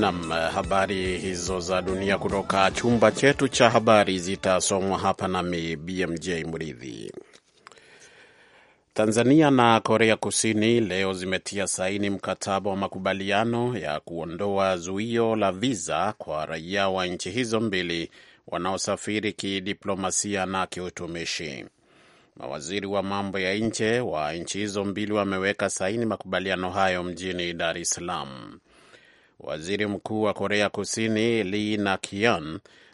Nam, habari hizo za dunia kutoka chumba chetu cha habari zitasomwa hapa nami BMJ Mridhi. Tanzania na Korea Kusini leo zimetia saini mkataba wa makubaliano ya kuondoa zuio la viza kwa raia wa nchi hizo mbili wanaosafiri kidiplomasia na kiutumishi. Mawaziri wa mambo ya nje wa nchi hizo mbili wameweka saini makubaliano hayo mjini Dar es Salaam. Waziri Mkuu wa Korea Kusini Lee nak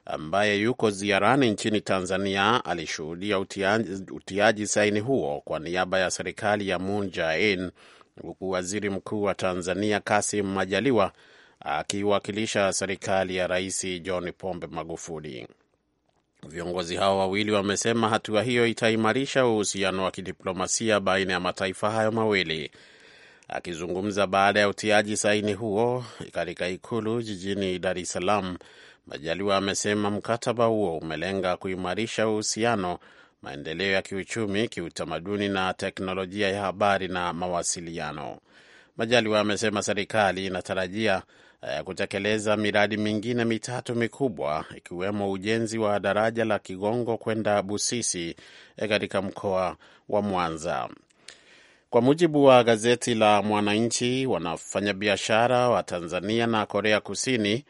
ambaye yuko ziarani nchini Tanzania alishuhudia utiaji, utiaji saini huo kwa niaba ya serikali ya Moon Jae-in huku waziri mkuu wa Tanzania Kasim Majaliwa akiwakilisha serikali ya Rais John Pombe Magufuli. Viongozi hao wawili wamesema hatua hiyo itaimarisha uhusiano wa kidiplomasia baina ya mataifa hayo mawili. Akizungumza baada ya utiaji saini huo katika ikulu jijini Dar es Salaam, Majaliwa amesema mkataba huo umelenga kuimarisha uhusiano, maendeleo ya kiuchumi, kiutamaduni na teknolojia ya habari na mawasiliano. Majaliwa amesema serikali inatarajia eh, kutekeleza miradi mingine mitatu mikubwa ikiwemo ujenzi wa daraja la Kigongo kwenda Busisi eh, katika mkoa wa Mwanza. Kwa mujibu wa gazeti la Mwananchi, wanafanyabiashara wa Tanzania na Korea Kusini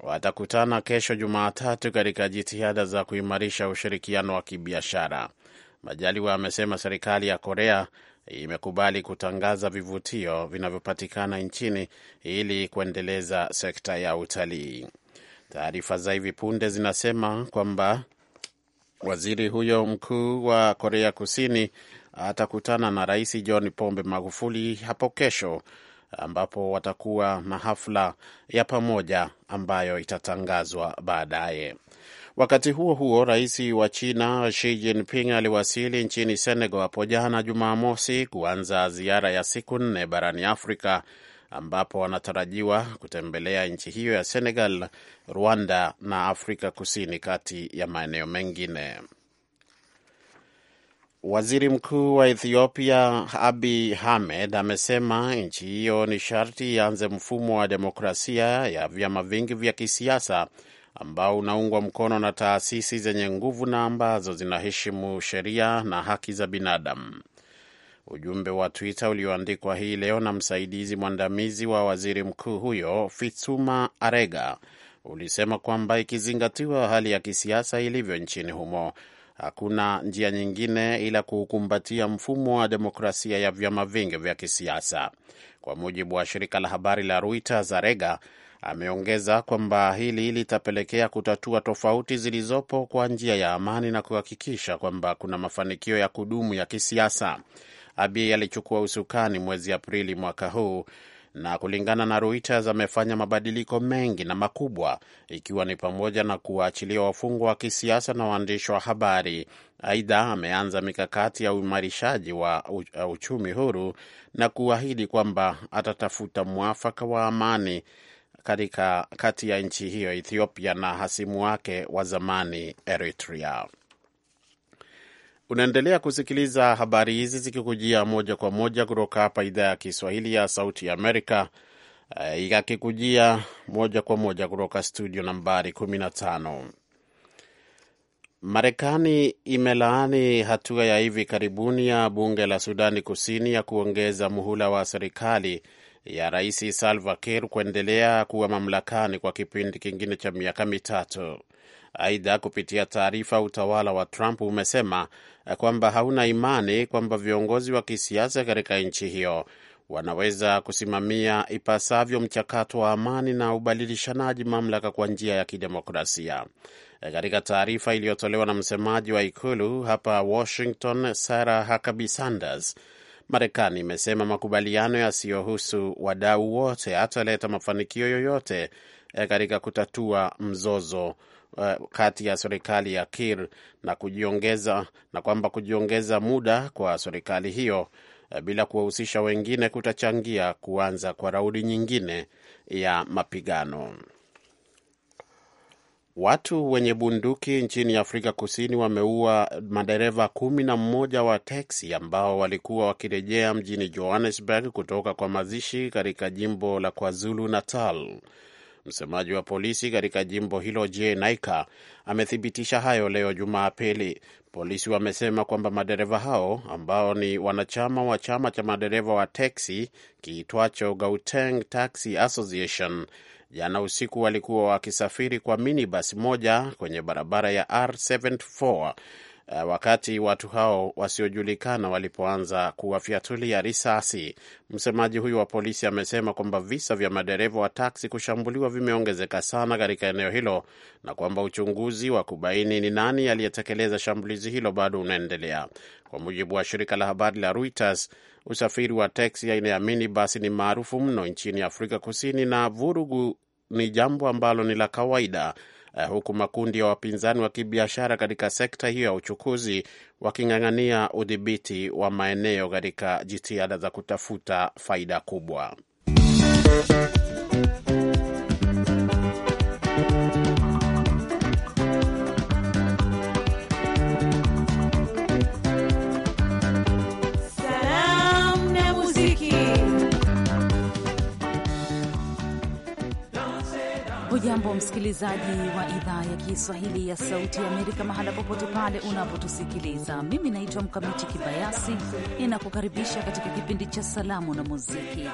watakutana kesho Jumatatu katika jitihada za kuimarisha ushirikiano wa kibiashara. Majaliwa amesema serikali ya Korea imekubali kutangaza vivutio vinavyopatikana nchini ili kuendeleza sekta ya utalii. Taarifa za hivi punde zinasema kwamba waziri huyo mkuu wa Korea Kusini atakutana na Rais John Pombe Magufuli hapo kesho, ambapo watakuwa na hafla ya pamoja ambayo itatangazwa baadaye. Wakati huo huo, rais wa China Xi Jinping aliwasili nchini Senegal hapo jana Jumamosi kuanza ziara ya siku nne barani Afrika, ambapo anatarajiwa kutembelea nchi hiyo ya Senegal, Rwanda na Afrika Kusini, kati ya maeneo mengine. Waziri Mkuu wa Ethiopia abi hamed amesema nchi hiyo ni sharti ianze mfumo wa demokrasia ya vyama vingi vya kisiasa ambao unaungwa mkono na taasisi zenye nguvu na ambazo zinaheshimu sheria na haki za binadamu. Ujumbe wa Twitter ulioandikwa hii leo na msaidizi mwandamizi wa waziri mkuu huyo Fitsuma Arega ulisema kwamba ikizingatiwa hali ya kisiasa ilivyo nchini humo hakuna njia nyingine ila kukumbatia mfumo wa demokrasia ya vyama vingi vya kisiasa. Kwa mujibu wa shirika la habari la Reuters, Zarega ameongeza kwamba hili litapelekea kutatua tofauti zilizopo kwa njia ya amani na kuhakikisha kwamba kuna mafanikio ya kudumu ya kisiasa. Abiy alichukua usukani mwezi Aprili mwaka huu na kulingana na Reuters amefanya mabadiliko mengi na makubwa, ikiwa ni pamoja na kuwaachilia wafungwa wa kisiasa na waandishi wa habari. Aidha, ameanza mikakati ya uimarishaji wa uh, uchumi huru na kuahidi kwamba atatafuta mwafaka wa amani katika kati ya nchi hiyo Ethiopia na hasimu wake wa zamani Eritrea. Unaendelea kusikiliza habari hizi zikikujia moja kwa moja kutoka hapa idhaa ya Kiswahili ya Sauti ya Amerika, eh, akikujia moja kwa moja kutoka studio nambari 15. Marekani imelaani hatua ya hivi karibuni ya bunge la Sudani Kusini ya kuongeza muhula wa serikali ya Rais Salva Kiir kuendelea kuwa mamlakani kwa kipindi kingine cha miaka mitatu. Aidha, kupitia taarifa, utawala wa Trump umesema eh, kwamba hauna imani kwamba viongozi wa kisiasa katika nchi hiyo wanaweza kusimamia ipasavyo mchakato wa amani na ubadilishanaji mamlaka kwa njia ya kidemokrasia. Eh, katika taarifa iliyotolewa na msemaji wa ikulu hapa Washington, Sarah Huckabee Sanders, Marekani imesema makubaliano yasiyohusu wadau wote hataleta mafanikio yoyote eh, katika kutatua mzozo eh, kati ya serikali ya Kir na kujiongeza na kwamba kujiongeza muda kwa serikali hiyo eh, bila kuwahusisha wengine kutachangia kuanza kwa raudi nyingine ya mapigano. Watu wenye bunduki nchini Afrika Kusini wameua madereva kumi na mmoja wa teksi ambao walikuwa wakirejea mjini Johannesburg kutoka kwa mazishi katika jimbo la KwaZulu Natal. Msemaji wa polisi katika jimbo hilo J Naika amethibitisha hayo leo Jumapili. Polisi wamesema kwamba madereva hao ambao ni wanachama wa chama cha madereva wa teksi kiitwacho Gauteng Taxi Association jana usiku walikuwa wakisafiri kwa minibus moja kwenye barabara ya R74 Eh, wakati watu hao wasiojulikana walipoanza kuwafyatulia risasi. Msemaji huyu wa polisi amesema kwamba visa vya madereva wa taksi kushambuliwa vimeongezeka sana katika eneo hilo na kwamba uchunguzi wa kubaini ni nani aliyetekeleza shambulizi hilo bado unaendelea. Kwa mujibu wa shirika la habari la Reuters, usafiri wa teksi aina ya minibasi ni maarufu mno nchini Afrika Kusini na vurugu ni jambo ambalo ni la kawaida uh, huku makundi ya wapinzani wa kibiashara katika sekta hiyo ya uchukuzi waking'ang'ania udhibiti wa maeneo katika jitihada za kutafuta faida kubwa hujambo msikilizaji wa idhaa ya Kiswahili ya Sauti ya Amerika, mahala popote pale unapotusikiliza. Mimi naitwa Mkamiti Kibayasi, ninakukaribisha katika kipindi cha Salamu na Muziki.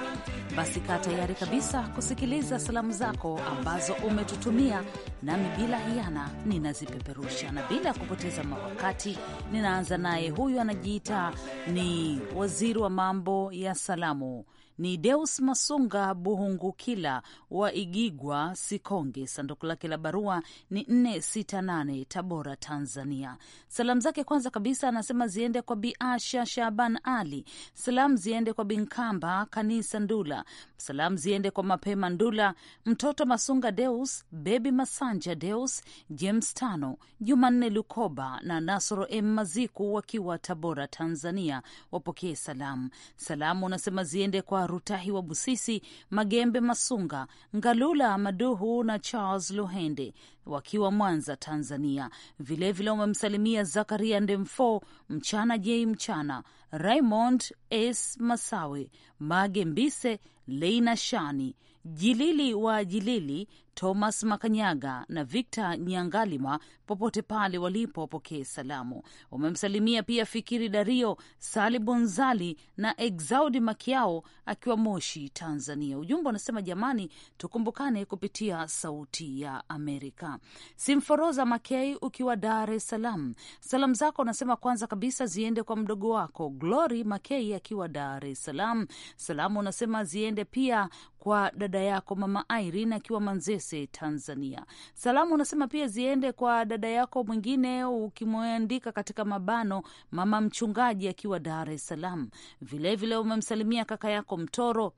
Basi kaa tayari kabisa kusikiliza salamu zako ambazo umetutumia, nami bila hiana ninazipeperusha, na bila kupoteza mawakati ninaanza naye. Huyu anajiita ni waziri wa mambo ya salamu ni Deus Masunga Buhungukila wa Igigwa, Sikonge. Sanduku lake la barua ni 468 Tabora, Tanzania. Salamu zake kwanza kabisa anasema ziende kwa biasha Shaban Ali, salamu ziende kwa Binkamba Kanisa Ndula, salamu ziende kwa Mapema Ndula, mtoto Masunga Deus, Bebi Masanja Deus, James Tano, Jumanne Lukoba na Nasoro M Maziku wakiwa Tabora, Tanzania. Wapokee salamu. Salamu unasema ziende kwa rutahi wa Busisi, Magembe Masunga, Ngalula Maduhu na Charles Luhende wakiwa Mwanza, Tanzania. Vilevile wamemsalimia Zakaria Ndemfo, Mchana Jei Mchana, Raymond S Masawe, Mage Mbise, Leina Shani Jilili wa Jilili Thomas Makanyaga na Victor Nyangalima popote pale walipo, wapokee salamu. Wamemsalimia pia Fikiri Dario, Sali Bonzali na Exaudi Makiao akiwa Moshi, Tanzania. Ujumbe unasema jamani, tukumbukane kupitia Sauti ya Amerika. Simforoza Makei ukiwa Dar es Salaam, salamu zako unasema kwanza kabisa ziende kwa mdogo wako Glory Makei akiwa Dar es Salaam. Salamu unasema ziende pia kwa dada yako Mama Irene akiwa Manzese Masese, Tanzania. Salamu unasema pia ziende kwa dada yako mwingine, ukimwandika katika mabano mama mchungaji akiwa Dar es Salaam. Vilevile umemsalimia kaka yako Mtoro,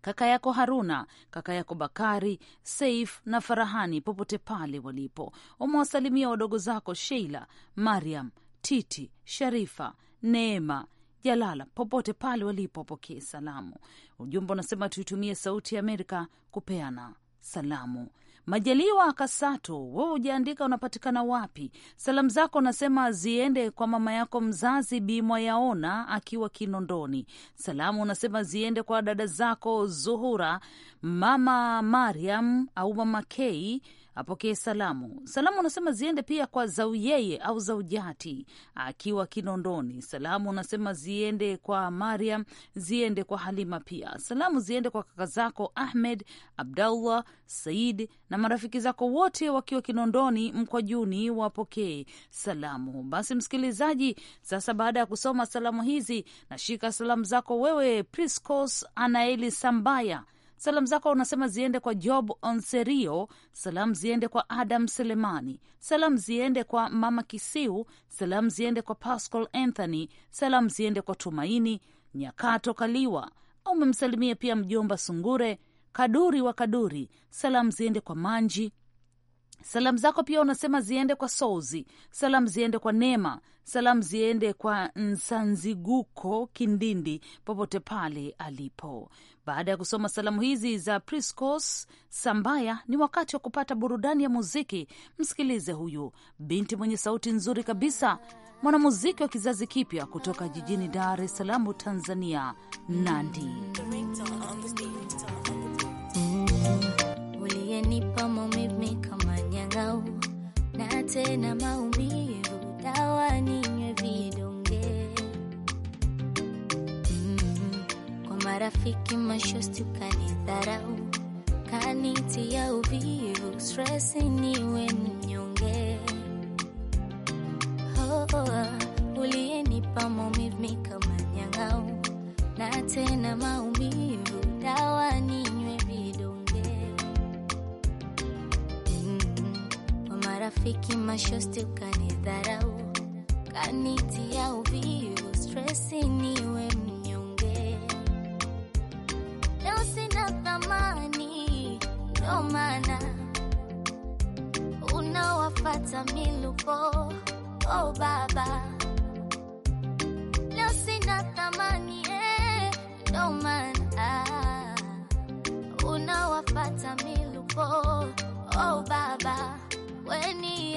kaka yako Haruna, kaka yako Bakari, Saif na Farahani popote pale walipo. Umewasalimia wadogo zako Sheila, Mariam, Titi, Sharifa, Neema, Jalala popote pale walipo, wapokee salamu. Ujumbe unasema tuitumie Sauti ya Amerika kupeana salamu. Majaliwa Kasato, wewe ujaandika unapatikana wapi? Salamu zako unasema ziende kwa mama yako mzazi Bi Mwayaona akiwa Kinondoni. Salamu unasema ziende kwa dada zako Zuhura, mama Mariam au mama Kei apokee salamu. Salamu unasema ziende pia kwa Zauyeye au Zaujati akiwa Kinondoni. Salamu unasema ziende kwa Mariam, ziende kwa Halima pia. Salamu ziende kwa kaka zako Ahmed, Abdallah, Said na marafiki zako wote wakiwa Kinondoni mkwa juni wapokee salamu. Basi msikilizaji, sasa baada ya kusoma salamu hizi, nashika salamu zako wewe Priscos Anaeli Sambaya Salamu zako unasema ziende kwa Job Onserio, salamu ziende kwa Adam Selemani, salamu ziende kwa Mama Kisiu, salamu ziende kwa Pascal Anthony, salamu ziende kwa Tumaini Nyakato Kaliwa. Umemsalimia pia mjomba Sungure Kaduri wa Kaduri, salamu ziende kwa Manji Salamu zako pia unasema ziende kwa Souzi, salamu ziende kwa nema salamu ziende kwa Nsanziguko Kindindi, popote pale alipo. Baada ya kusoma salamu hizi za Priscos Sambaya, ni wakati wa kupata burudani ya muziki. Msikilize huyu binti mwenye sauti nzuri kabisa, mwanamuziki wa kizazi kipya kutoka jijini Dar es Salaam, Tanzania, Nandi. Mm tena maumivu, dawa ninywe vidonge. Mm -hmm. Kwa marafiki mashosti ukanidharau, kanitia uvivu, stress niwe mnyonge. Oh, oh, uliyenipa maumivu kama na tena maumivu, dawa rafiki mashosti ukanidharau, kanitia uvivu, stresi niwe mnyonge, leo sina thamani, ndo maana unawafata o Oh baba, leo sina thamani eh, ndo maana unawafata o Oh baba when he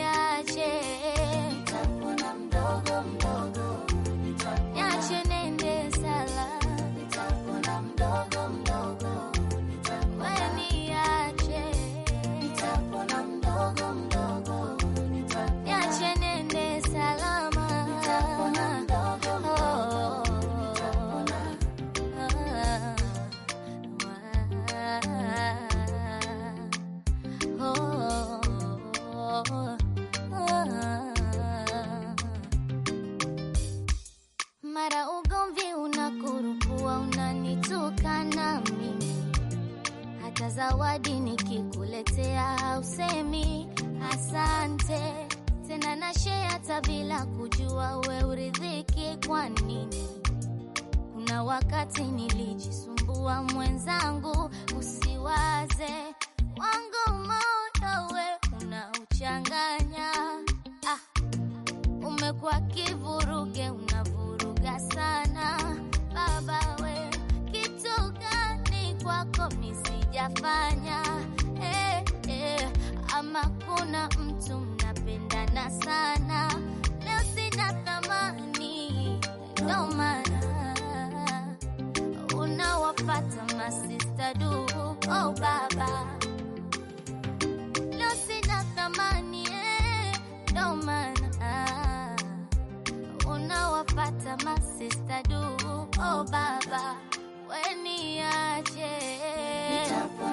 mnafanya eh, eh, ama kuna mtu mnapendana sana, leo sina thamani, ndo maana unawapata masista du. Oh baba, leo sina thamani, eh, ndo maana unawapata masista du. Oh baba, weni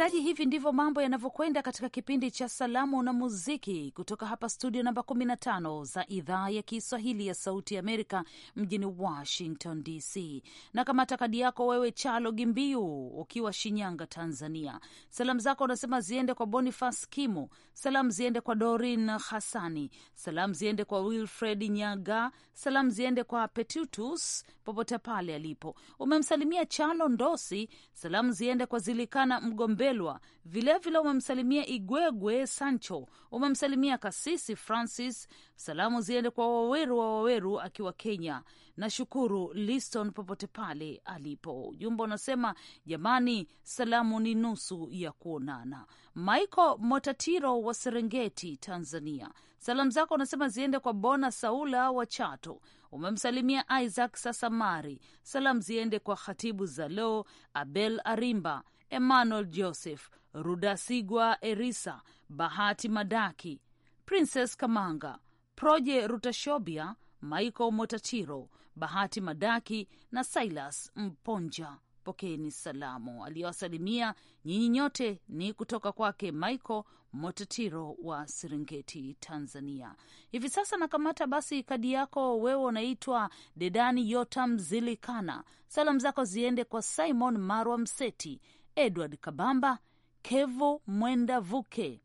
Msikilizaji, hivi ndivyo mambo yanavyokwenda katika kipindi cha salamu na muziki kutoka hapa studio namba 15 za idhaa ya Kiswahili ya Sauti Amerika mjini Washington DC. Na kama takadi yako wewe, Chalo Gimbiu, ukiwa Shinyanga, Tanzania. Salamu zako unasema ziende kwa Bonifas Kimu, salamu ziende kwa Dorin Hasani, salamu ziende kwa Wilfred Nyaga, salamu ziende kwa Petutus popote pale alipo. Umemsalimia Chalo Ndosi, salamu ziende kwa Zilikana Mgombea Mbelwa, vilevile umemsalimia Igwegwe Sancho, umemsalimia Kasisi Francis. Salamu ziende kwa Waweru wa Waweru akiwa Kenya na Shukuru Liston popote pale alipo. Ujumbe unasema jamani, salamu ni nusu ya kuonana. Michael Motatiro wa Serengeti, Tanzania, salamu zako unasema ziende kwa Bona Saula wa Chato. Umemsalimia Isaac Sasamari. Salamu ziende kwa Khatibu Zalo, Abel Arimba, Emmanuel Joseph, Rudasigwa Erisa, Bahati Madaki, Princess Kamanga, Proje Rutashobia, Michael Motatiro, Bahati Madaki na Silas Mponja. Pokeni salamu. Aliyowasalimia nyinyi nyote ni kutoka kwake Michael Motatiro wa Serengeti, Tanzania. Hivi sasa nakamata basi kadi yako, wewe unaitwa Dedani Yotam Zilikana. Salamu zako ziende kwa Simon Marwa Mseti, Edward Kabamba, Kevo Mwenda Vuke.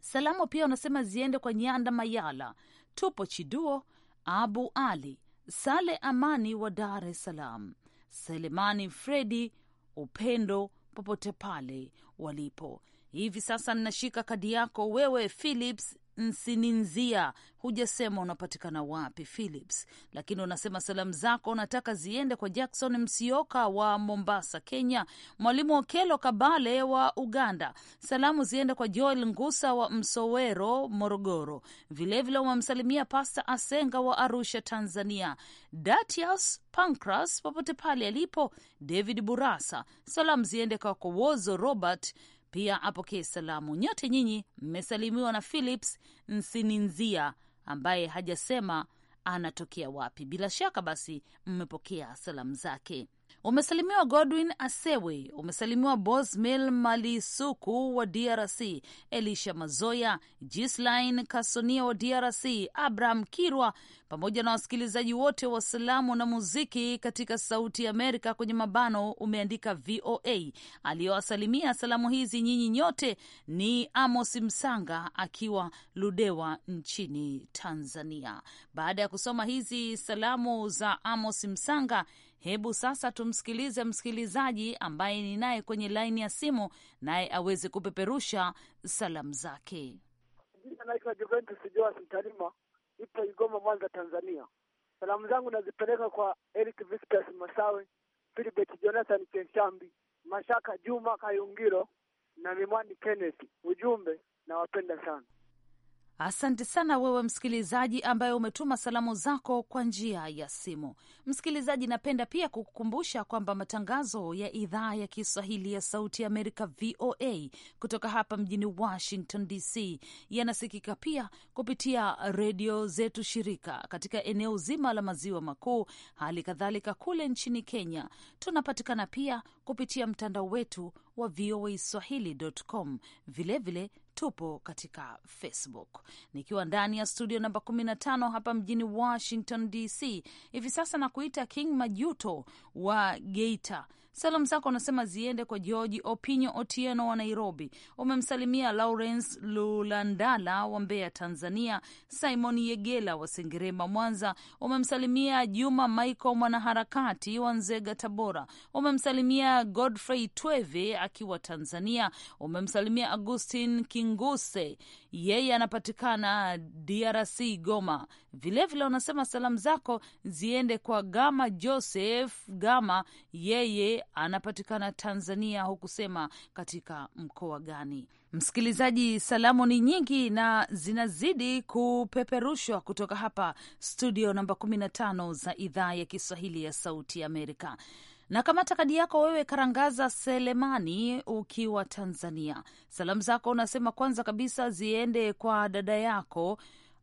Salamu pia wanasema ziende kwa Nyanda Mayala, Tupo Chiduo, Abu Ali Sale Amani wa Dar es Salaam, Selemani Fredi Upendo popote pale walipo hivi sasa. Ninashika kadi yako wewe Philips Nsininzia, hujasema unapatikana wapi Philips, lakini unasema salamu zako unataka ziende kwa Jackson Msioka wa Mombasa, Kenya, Mwalimu Okelo Kabale wa Uganda. Salamu ziende kwa Joel Ngusa wa Msowero, Morogoro. Vilevile wamemsalimia Pasta Asenga wa Arusha, Tanzania, Datius Pancras popote pale alipo, David Burasa. Salamu ziende kwa Kowozo Robert pia apokee salamu. Nyote nyinyi mmesalimiwa na Philips Nsininzia ambaye hajasema anatokea wapi. Bila shaka basi mmepokea salamu zake. Umesalimiwa Godwin Asewe, umesalimiwa Bosmil Malisuku wa DRC, Elisha Mazoya, Gislin Kasonia wa DRC, Abraham Kirwa pamoja na wasikilizaji wote wa salamu na muziki katika Sauti ya Amerika kwenye mabano umeandika VOA. Aliyowasalimia salamu hizi nyinyi nyote ni Amos Msanga akiwa Ludewa nchini Tanzania. Baada ya kusoma hizi salamu za Amos Msanga, Hebu sasa tumsikilize msikilizaji ambaye ni naye kwenye laini ya simu, naye aweze kupeperusha salamu zake. Jina naitwa Juventus Joas Mtalima, ipo Igoma, Mwanza, Tanzania. Salamu zangu nazipeleka kwa Eric Vistas Masawe, Filibert Jonathan Kenchambi, Mashaka Juma Kayungiro na Mimwani Kenneth. Ujumbe, nawapenda sana. Asante sana wewe msikilizaji ambaye umetuma salamu zako kwa njia ya simu. Msikilizaji, napenda pia kukukumbusha kwamba matangazo ya idhaa ya Kiswahili ya Sauti ya Amerika, VOA, kutoka hapa mjini Washington DC yanasikika pia kupitia redio zetu shirika katika eneo zima la maziwa makuu. Hali kadhalika kule nchini Kenya tunapatikana pia kupitia mtandao wetu wa voa swahili.com. Vilevile tupo katika Facebook. Nikiwa ndani ya studio namba 15 hapa mjini Washington DC hivi sasa, na kuita King Majuto wa Geita Salamu zako unasema ziende kwa George Opinyo Otieno wa Nairobi. Umemsalimia Lawrence Lulandala wa Mbeya, Tanzania, Simon Yegela wa Sengerema, Mwanza. Umemsalimia Juma Michael mwanaharakati wa Nzega, Tabora. Umemsalimia Godfrey Tweve akiwa Tanzania. Umemsalimia Agustin Kinguse, yeye anapatikana DRC, Goma. Vilevile wanasema salamu zako ziende kwa Gama Joseph Gama, yeye anapatikana Tanzania, hukusema katika mkoa gani. Msikilizaji, salamu ni nyingi na zinazidi kupeperushwa kutoka hapa studio namba 15 za idhaa ya Kiswahili ya Sauti Amerika na kamata kadi yako wewe, Karangaza Selemani, ukiwa Tanzania. Salamu zako unasema kwanza kabisa ziende kwa dada yako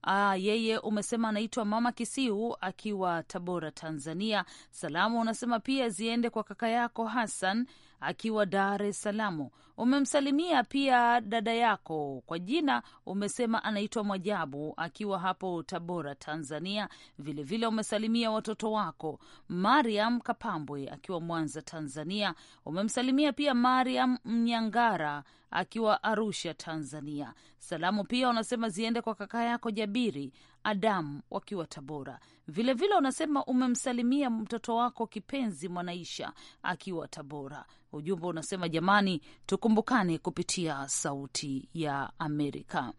Aa, ah, yeye umesema anaitwa Mama Kisiu akiwa Tabora, Tanzania. Salamu unasema pia ziende kwa kaka yako Hassan akiwa Dar es Salaam. Umemsalimia pia dada yako kwa jina, umesema anaitwa Mwajabu akiwa hapo Tabora, Tanzania. Vilevile vile umesalimia watoto wako Mariam Kapambwe akiwa Mwanza, Tanzania. Umemsalimia pia Mariam Mnyangara akiwa Arusha, Tanzania. Salamu pia unasema ziende kwa kaka yako Jabiri Adamu wakiwa Tabora. Vilevile unasema umemsalimia mtoto wako kipenzi Mwanaisha akiwa Tabora. Ujumbe unasema jamani, tukumbukane kupitia Sauti ya Amerika.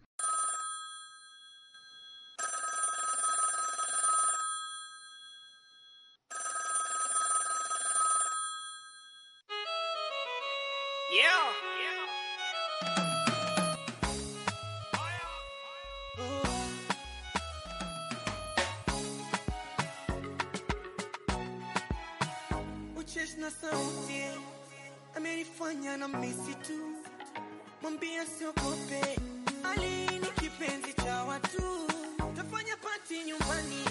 Shesh na sauti amenifanya na misi tu, mwambia siogope, Ali kipenzi cha watu, tafanya pati nyumbani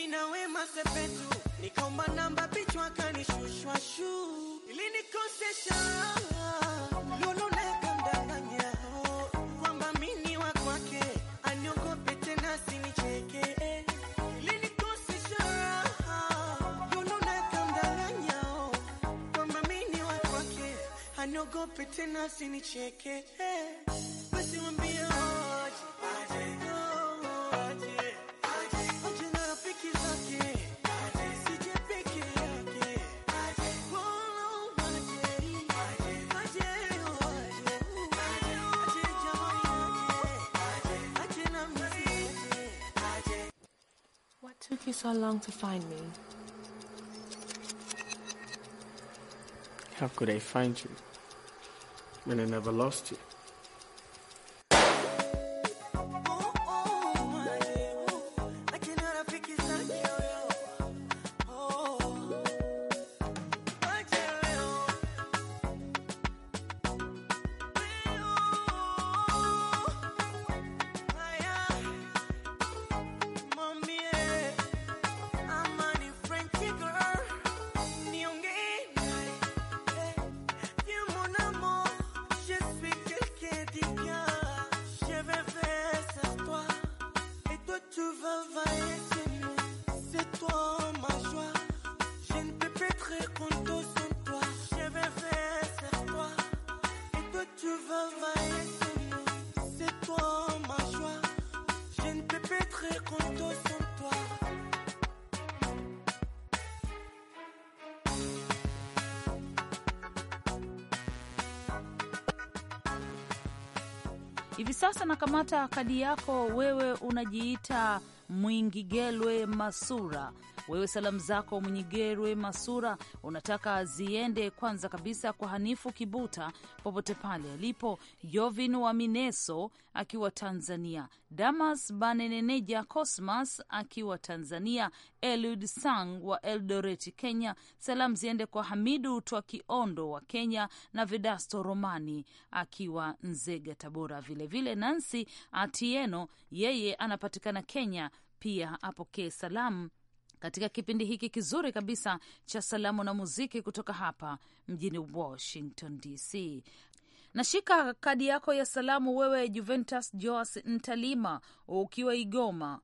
Dhambi na wema sepetu, nikaomba namba pichwa akanishushwa shu ili nikosesha lulu tena sinicheke aniogope you so long to find me? How could I find you when I never lost you? Hivi sasa nakamata kadi yako, wewe unajiita Mwingigelwe Masura wewe salamu zako Mnyigerwe Masura unataka ziende kwanza kabisa kwa Hanifu Kibuta popote pale alipo, Jovin wa Mineso akiwa Tanzania, Damas Baneneneja Cosmas akiwa Tanzania, Elud Sang wa Eldoret Kenya. Salamu ziende kwa Hamidu Twakiondo wa Kenya na Vedasto Romani akiwa Nzega, Tabora. Vilevile Nansi Atieno yeye anapatikana Kenya pia apokee salamu katika kipindi hiki kizuri kabisa cha salamu na muziki kutoka hapa mjini Washington DC. Nashika kadi yako ya salamu, wewe Juventus Joas Ntalima ukiwa Igoma,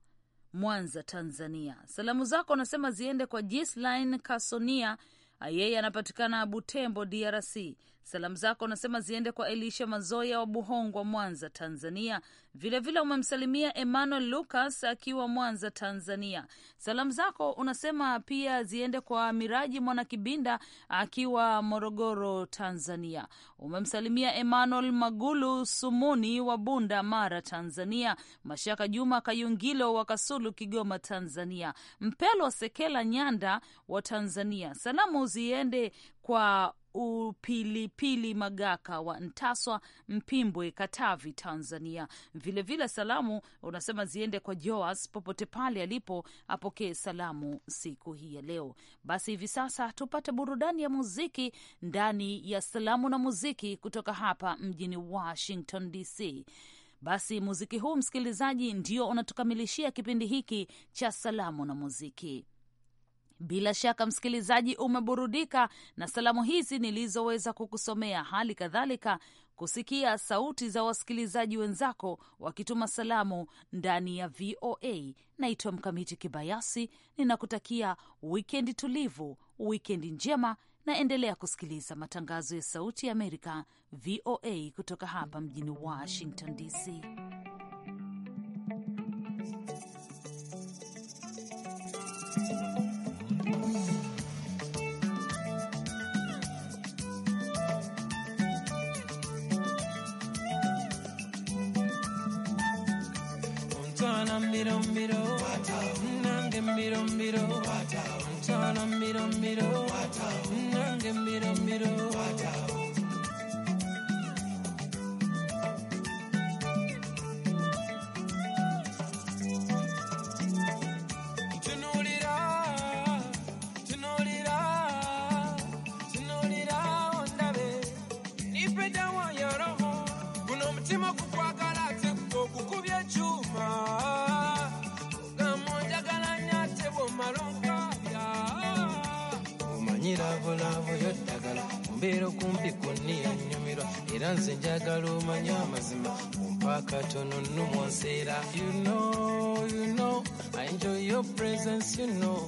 Mwanza, Tanzania. Salamu zako unasema ziende kwa Gisline Kasonia yeye anapatikana Butembo, DRC. Salamu zako unasema ziende kwa Elisha Mazoya wa Buhongwa, Mwanza, Tanzania. Vilevile umemsalimia Emmanuel Lucas akiwa Mwanza, Tanzania. Salamu zako unasema pia ziende kwa Miraji Mwanakibinda akiwa Morogoro, Tanzania umemsalimia Emmanuel Magulu Sumuni wa Bunda, Mara, Tanzania, Mashaka Juma Kayungilo wa Kasulu, Kigoma, Tanzania, Mpelwa Sekela Nyanda wa Tanzania. Salamu ziende kwa Upilipili Magaka wa Ntaswa, Mpimbwe, Katavi, Tanzania. Vilevile vile salamu unasema ziende kwa Joas popote pale alipo, apokee salamu siku hii ya leo. Basi hivi sasa tupate burudani ya muziki ndani ya salamu na muziki kutoka hapa mjini Washington DC. Basi muziki huu msikilizaji, ndio unatukamilishia kipindi hiki cha salamu na muziki. Bila shaka msikilizaji, umeburudika na salamu hizi nilizoweza kukusomea, hali kadhalika kusikia sauti za wasikilizaji wenzako wakituma salamu ndani ya VOA. Naitwa Mkamiti Kibayasi, ninakutakia wikendi tulivu, wikendi njema, na endelea kusikiliza matangazo ya Sauti ya Amerika, VOA, kutoka hapa mjini Washington DC. miro miro nange miro miro ntolo miro miro nange miro miro okumpi kunnenyumira era nze njagala omanye amazima kumpa tono nnumwa nseera you know, you know, I enjoy your presence, you know,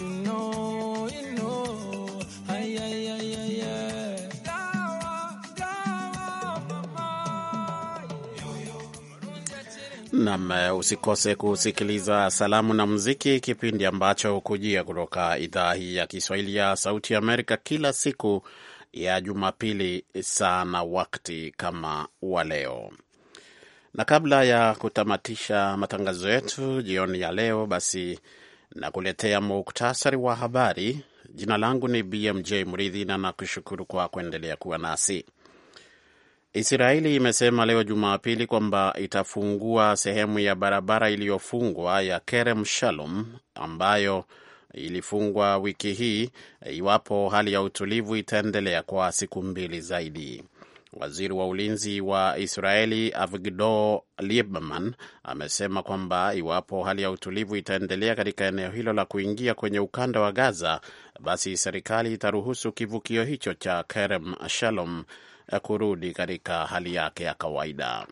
you know, you know, ay, ay, ay, ay, ay. Nam, eh, usikose kusikiliza salamu na muziki, kipindi ambacho hukujia kutoka idhaa hii ya Kiswahili ya Sauti ya Amerika kila siku ya Jumapili sana wakti wakati kama wa leo. Na kabla ya kutamatisha matangazo yetu jioni ya leo, basi nakuletea muktasari wa habari. Jina langu ni BMJ Mridhi na nakushukuru kwa kuendelea kuwa nasi. Israeli imesema leo Jumapili kwamba itafungua sehemu ya barabara iliyofungwa ya Kerem Shalom ambayo ilifungwa wiki hii iwapo hali ya utulivu itaendelea kwa siku mbili zaidi. Waziri wa ulinzi wa Israeli Avigdor Lieberman amesema kwamba iwapo hali ya utulivu itaendelea katika eneo hilo la kuingia kwenye ukanda wa Gaza, basi serikali itaruhusu kivukio hicho cha Kerem Shalom kurudi katika hali yake ya kawaida.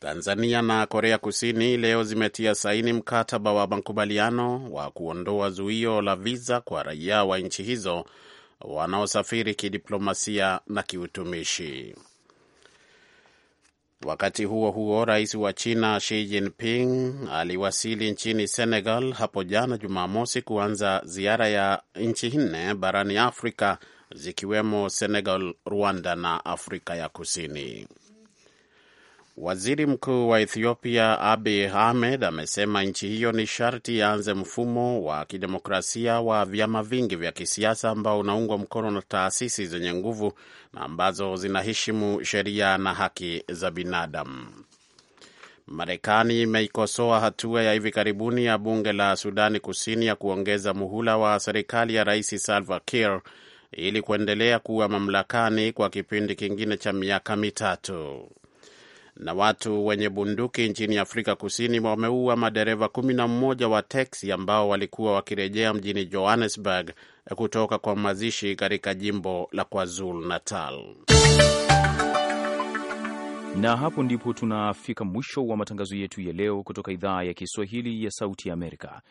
Tanzania na Korea Kusini leo zimetia saini mkataba wa makubaliano wa kuondoa zuio la viza kwa raia wa nchi hizo wanaosafiri kidiplomasia na kiutumishi. Wakati huo huo, rais wa China Xi Jinping aliwasili nchini Senegal hapo jana Jumamosi kuanza ziara ya nchi nne barani Afrika zikiwemo Senegal, Rwanda na Afrika ya Kusini. Waziri Mkuu wa Ethiopia abi Ahmed amesema nchi hiyo ni sharti yaanze mfumo wa kidemokrasia wa vyama vingi vya kisiasa ambao unaungwa mkono na taasisi zenye nguvu na ambazo zinaheshimu sheria na haki za binadamu. Marekani imeikosoa hatua ya hivi karibuni ya bunge la Sudani Kusini ya kuongeza muhula wa serikali ya Rais Salva Kiir ili kuendelea kuwa mamlakani kwa kipindi kingine cha miaka mitatu. Na watu wenye bunduki nchini Afrika Kusini wameua madereva kumi na mmoja wa teksi ambao walikuwa wakirejea mjini Johannesburg kutoka kwa mazishi katika jimbo la KwaZulu Natal. Na hapo ndipo tunafika mwisho wa matangazo yetu ya leo kutoka idhaa ya Kiswahili ya Sauti ya Amerika.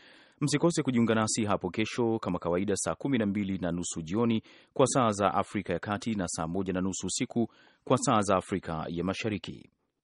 Msikose kujiunga nasi hapo kesho kama kawaida, saa 12 na nusu jioni kwa saa za Afrika ya Kati na saa 1 na nusu usiku kwa saa za Afrika ya Mashariki.